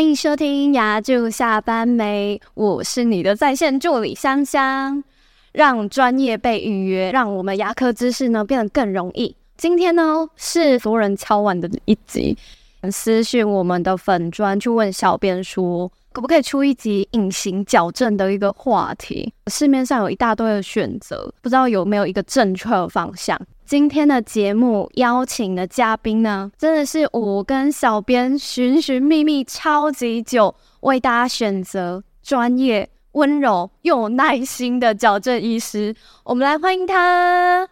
歡迎收聽牙就下班沒，我是你的在線助理香香，讓專業被預約，讓我們牙科知識呢變得更容易。今天呢是有人敲碗的一集，私信我們的粉專去問小編說，可不可以出一集隱形矯正的一個話題？市面上有一大堆的選擇，不知道有沒有一個正確的方向。今天的節目邀請的嘉賓呢，真的是我跟小編尋尋覓覓，覓超級久，為大家選擇專業、溫柔又有耐心的矯正醫師。我們來歡迎他。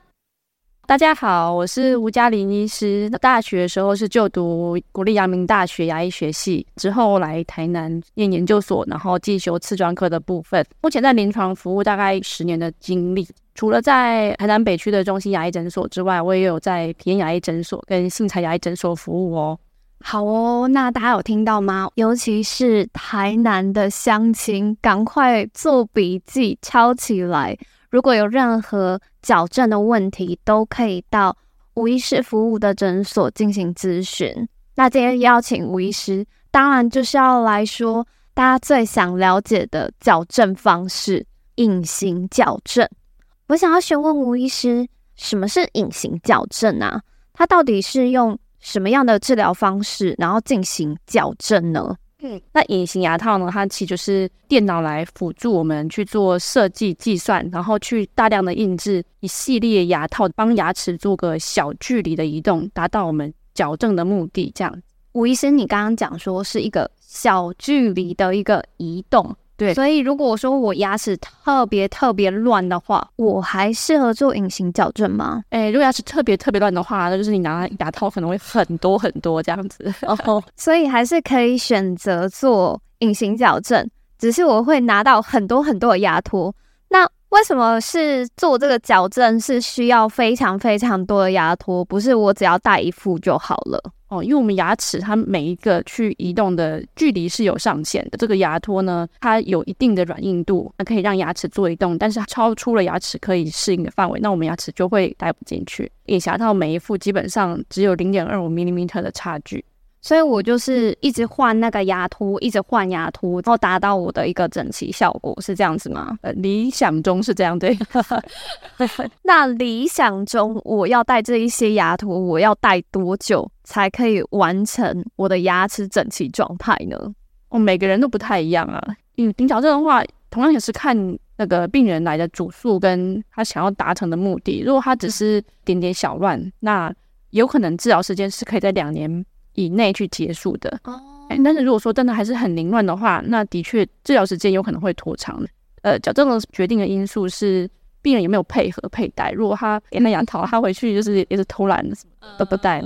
大家好，我是吳嘉玲醫師。大學的時候是就讀國立陽明大學牙醫學系，之後來台南念研究所，然後進修次專科的部分。目前在臨床服務大概十年的經歷。除了在台南北區的中心牙醫診所之外，我也有在平安牙醫診所跟信才牙醫診所服務哦。好哦，那大家有聽到嗎？尤其是台南的鄉親，趕快做筆記，抄起來。如果有任何矯正的問題，都可以到吳醫師服務的診所進行諮詢。那今天邀請吳醫師，當然就是要來說，大家最想了解的矯正方式——隱形矯正。我想要詢問吳醫師，什麼是隱形矯正啊？它到底是用什麼樣的治療方式，然後進行矯正呢？嗯，那隱形牙套呢？它其實就是電腦來輔助我們去做設計計算，然後去大量的印制一系列牙套，幫牙齒做個小距離的移動，達到我們矯正的目的。這樣。吳醫師，你剛剛講說是一個小距離的一個移動。對，所以如果說我牙齒特別特別亂的話，我還適合做隱形矯正嗎？誒，如果牙齒特別特別亂的話，那就是你拿牙套可能會很多很多這樣子。哦、oh， 所以還是可以選擇做隱形矯正，只是我會拿到很多很多的牙托。那為什麼是做這個矯正是需要非常非常多的牙托？不是我只要戴一副就好了？哦，因為我們牙齒它每一個去移動的距離是有上限的，這個牙托呢，它有一定的軟硬度，它可以讓牙齒做移動，但是超出了牙齒可以適應的範圍，那我們牙齒就會戴不進去。隱形套每一副基本上只有零點二五毫米的差距，所以我就是一直換那個牙托，一直換牙托，然後達到我的一個整齊效果，是這樣子嗎？呃，理想中是這樣，對， 那理想中我要戴這一些牙托，我要戴多久？才可以完成我的牙齒整齊狀態呢？哦，每個人都不太一樣啊。嗯，隱形矯正的話，同樣也是看那個病人來的主訴跟他想要達成的目的。如果他只是點點小亂，那有可能治療時間是可以在兩年以內去結束的哦、嗯欸。但是如果說真的還是很凌亂的話，那的確治療時間有可能會拖長。呃，矯正的決定的因素是病人有沒有配合佩戴。如果他給那牙套他回去就是也是偷懶，不不戴。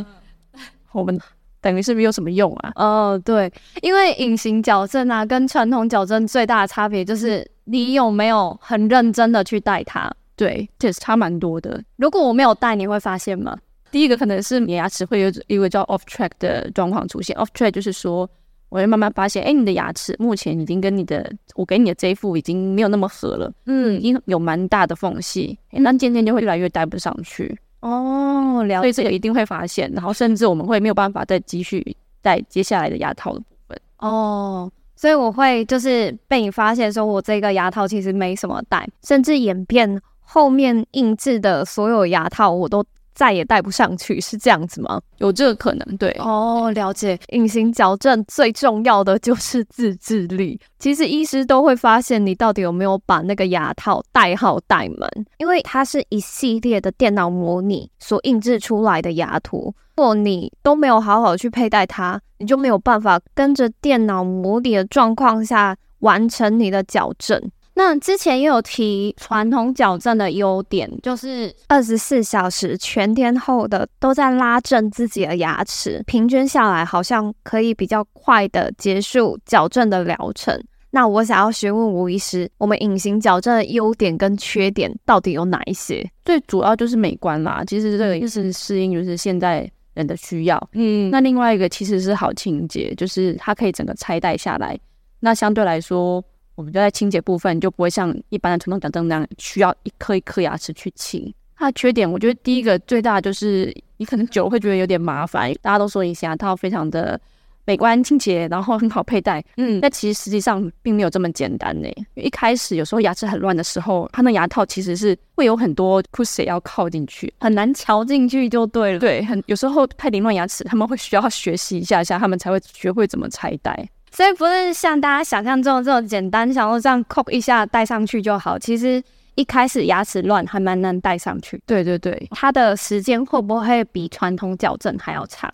我們等於是沒有什麼用啊。哦，對，因為隱形矯正啊，跟傳統矯正最大的差別就是你有沒有很認真的去戴它。對，其實差蠻多的。如果我沒有戴，你會發現嗎？第一個可能是你的牙齒會有一個叫 off track 的狀況出現。off track 就是說，我會慢慢發現，哎，你的牙齒目前已經跟你的我給你的這一副已經沒有那麼合了。嗯，因為有蠻大的縫隙，那漸漸就會越來越戴不上去。哦，了解，所以這個一定會發現，然後甚至我們會沒有辦法再繼續戴接下來的牙套的部分。哦，所以我會就是被你發現說我這個牙套其實沒什麼戴，甚至演變後面印制的所有牙套我都。再也戴不上去，是這樣子嗎？有這個可能，對。哦，了解。隱形矯正最重要的就是自制力。其實醫師都會發現你到底有沒有把那個牙套戴好戴滿，因為它是一系列的電腦模擬所印制出來的牙圖。如果你都沒有好好去佩戴它，你就沒有辦法跟着電腦模擬的狀況下完成你的矯正。那之前也有提，傳統矯正的優點，就是二十四小時全天候的都在拉正自己的牙齒，平均下來好像可以比較快的結束矯正的療程。那我想要詢問吳醫師，我們隱形矯正的優點跟缺點到底有哪一些？最主要就是美觀啦，其實這個就是適應，就是現在人的需要。嗯，那另外一個其實是好清潔，就是它可以整個拆戴下來，那相對來說，我們就在清潔部分，就不會像一般的傳統矯正那樣需要一顆一顆牙齒去清。它的缺點，我覺得第一個最大就是，你可能久了會覺得有點麻煩。大家都說隱形牙套非常的美觀、清潔，然後很好佩戴，嗯，但其實實際上並沒有這麼簡單哎、欸。因為一開始有時候牙齒很亂的時候，它的牙套其實是會有很多扣子要靠進去，很難瞧進去就對了。對，很有時候太凌亂牙齒，他們會需要學習一下下，他們才會學會怎麼拆戴。所以不是像大家想象中的這麼簡單，想說這樣扣一下戴上去就好。其實一開始牙齒亂，還蠻難戴上去。對對對，它的時間會不會比傳統矯正還要長？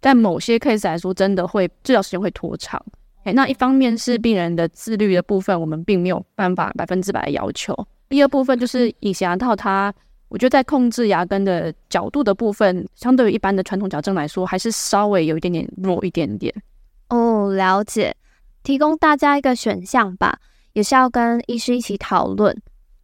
但某些 case 來說，真的會，治療時間會拖長。誒、欸，那一方面是病人的自律的部分，我們並沒有辦法百分之百的要求。第二部分就是隱形牙套，它我覺得在控制牙根的角度的部分，相對於一般的傳統矯正來說，還是稍微有一點點弱一點點。哦，了解。提供大家一個選項吧，也是要跟醫師一起討論，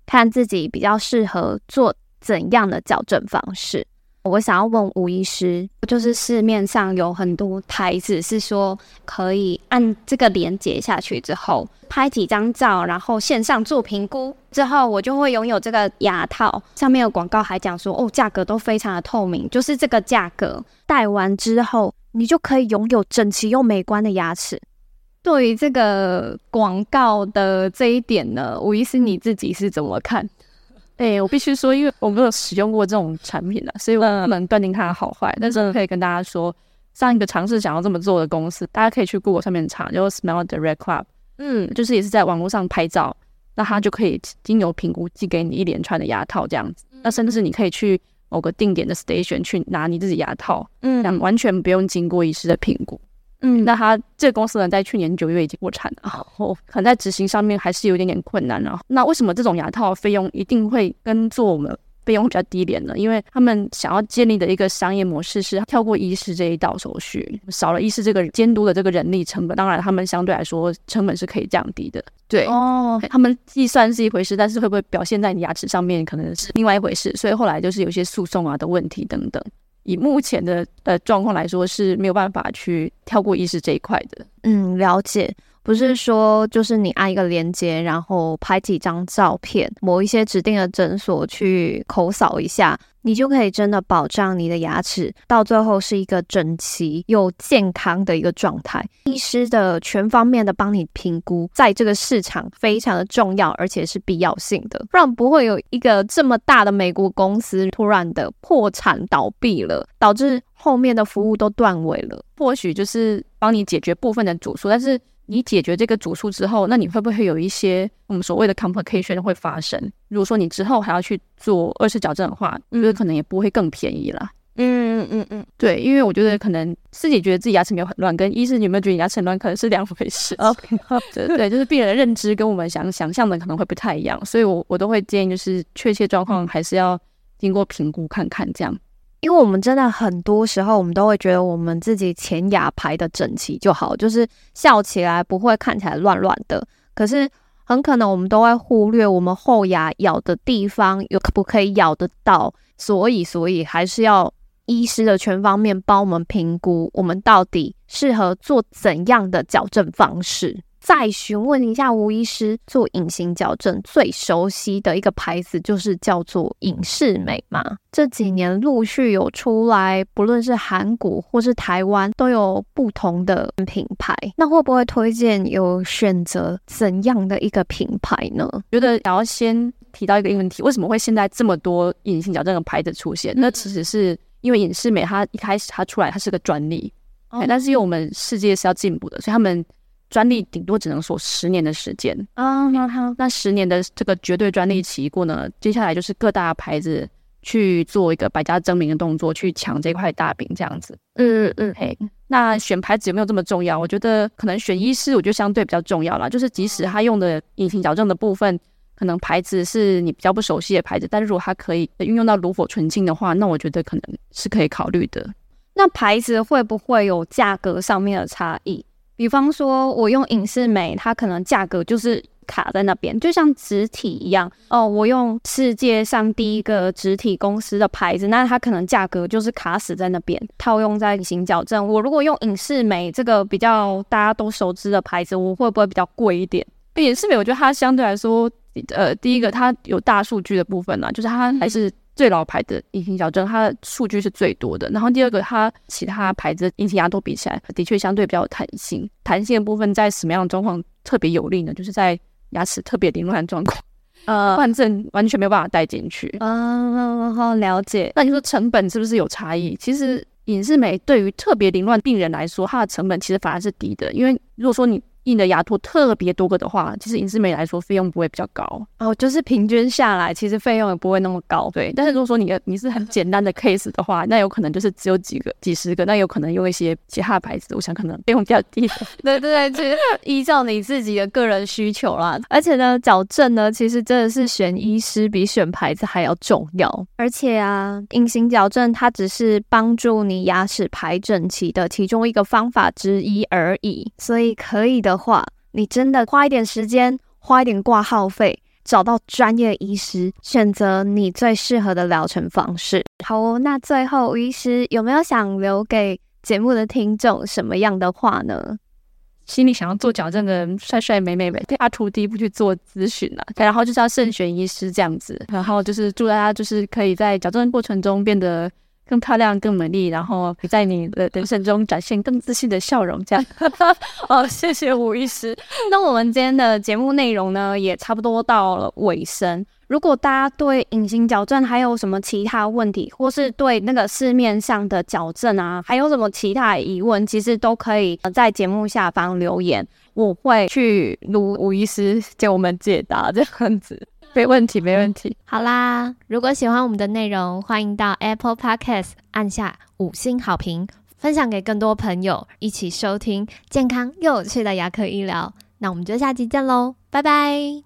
看自己比較適合做怎樣的矯正方式。我想要問吳醫師，就是市面上有很多台子是說可以按這個連接下去之後拍幾張照，然後線上做評估，之後我就會擁有這個牙套。上面有廣告還講說，哦，價格都非常的透明，就是這個價格戴完之後，你就可以擁有整齊又美觀的牙齒。對於這個廣告的這一點呢，吳醫師，你自己是怎麼看？誒、 欸，我必須說，因為我沒有使用過這種產品呢、啊，所以我不能斷定它的好壞、嗯。但是可以跟大家說，上一個嘗試想要這麼做的公司、嗯，大家可以去 Google 上面查，叫、就是、Smile Direct Club。嗯，就是也是在網絡上拍照，那它就可以經由評估寄給你一連串的牙套這樣子。那甚至是你可以去。某個定點的 station 去拿你自己牙套，嗯，完全不用經過醫師的評估，嗯，那他這個公司呢，在去年九月已經破產了，哦，可能在執行上面還是有一點點困難啊。那為什麼這種牙套費用一定會跟做我們？費用比較低廉的，因為他們想要建立的一個商業模式是跳過醫師這一道手續，少了醫師這個監督的這個人力成本，當然他們相對來說成本是可以降低的。對，哦，oh，他們計算是一回事，但是會不會表現在你牙齒上面，可能是另外一回事。所以後來就是有些訴訟啊的問題等等。以目前的呃狀況來說，是沒有辦法去跳過醫師這一塊的。嗯，了解。不是說就是你按一個連接，然後拍幾張照片，某一些指定的診所去口掃一下，你就可以真的保障你的牙齒到最後是一個整齊又健康的一個狀態。醫師的全方面的幫你評估，在這個市場非常的重要，而且是必要性的，不然不會有一個這麼大的美國公司突然的破產倒閉了，導致後面的服務都斷尾了。或許就是幫你解決部分的主訴，但是。你解決這個主訴之後，那你會不會有一些我們所謂的 complication 會發生？如果說你之後還要去做二次矯正的話，我覺得可能也不會更便宜啦。嗯嗯嗯，對，因為我覺得可能自己覺得自己牙齒沒有很亂，跟醫師，你有沒有覺得牙齒很亂，可能是兩回事。對 對，就是病人的認知跟我們想想象的可能會不太一樣，所以我我都會建議，就是確切狀況還是要經過評估看看這樣。嗯。因為我們真的很多時候，我們都會覺得我們自己前牙排得整齊就好，就是笑起來不會看起來亂亂的。可是很可能我們都會忽略我們後牙咬的地方有可不可以咬得到，所以所以還是要醫師的全方面幫我們評估，我們到底適合做怎樣的矯正方式。再詢問一下吳醫師，做隱形矯正最熟悉的一個牌子，就是叫做隱適美嘛？這幾年陸續有出來，不論是韓國或是台灣，都有不同的品牌。那會不會推薦有選擇怎樣的一個品牌呢？覺得想要先提到一個問題，為什麼會現在這麼多隱形矯正的牌子出現？嗯。那其實是因為隱適美它一開始它出來它是個專利。嗯，但是因為我們世界是要進步的，所以他們。專利頂多只能鎖十年的時間啊，那好，那十年的這個絕對專利期過呢，接下來就是各大牌子去做一個百家爭鳴的動作，去搶這塊大餅這樣子。嗯嗯嗯，嘿，那選牌子有沒有這麼重要？我覺得可能選醫師，我覺得相對比較重要啦。就是即使他用的隱形矯正的部分，可能牌子是你比較不熟悉的牌子，但如果他可以運用到爐火純青的話，那我覺得可能是可以考慮的。那牌子會不會有價格上面的差異？比方說，我用隱適美，它可能價格就是卡在那邊，就像植體一樣。哦，我用世界上第一個植體公司的牌子，那它可能價格就是卡死在那邊。套用在隱形矯正，我如果用隱適美這個比較大家都熟知的牌子，我會不會比較貴一點？隱、欸、適美，我覺得它相對來說，呃，第一個它有大數據的部分啦，就是它還是。最老牌的隱形矯正，它的數據是最多的。然後第二個，它其他牌子隱形牙都比起來，的確相對比較有彈性。彈性的部分在什麼樣的狀況特別有利呢？就是在牙齒特別凌亂的狀況，呃，患症完全沒有辦法帶進去。嗯、呃，好了解。那你說成本是不是有差異？其實隱適美對於特別凌亂病人來說，它的成本其實反而是低的，因為如果說你。印的牙托特別多個的話，其實隱適美來說費用不會比較高。哦，就是平均下來，其實費用也不會那麼高。對，但是如果說你的你是很簡單的 case 的話，那有可能就是只有幾個，幾十個，那有可能用一些其他牌子，我想可能費用比較低。 對對對，就是依照你自己的個人需求啦。而且呢，矯正呢，其實真的是選醫師比選牌子還要重要。而且啊，隱形矯正它只是幫助你牙齒排整齊的其中一個方法之一而已，所以可以的。的話，你真的花一點時間，花一點掛號費，找到專業醫師，選擇你最適合的療程方式。好哦，那最後吳醫師有沒有想留給節目的聽眾什麼樣的話呢？心裡想要做矯正的帥帥美美美，阿圖第一步去做諮詢啊，然後就是要慎選醫師這樣子，然後就是祝大家就是可以在矯正過程中變得。更漂亮、更美麗，然後在你的人生中展現更自信的笑容，這樣。 哦，謝謝吳醫師。 那我們今天的節目內容呢，也差不多到了尾聲。如果大家對隱形矯正還有什麼其他問題，或是對那個市面上的矯正啊，還有什麼其他疑問，其實都可以在節目下方留言，我會去如吳醫師給我們解答，這樣子。沒問題，沒問題。好啦，如果喜歡我們的內容，歡迎到 Apple Podcast 按下五星好評，分享給更多朋友，一起收聽健康又有趣的牙科醫療。那我們就下期見嘍，拜拜。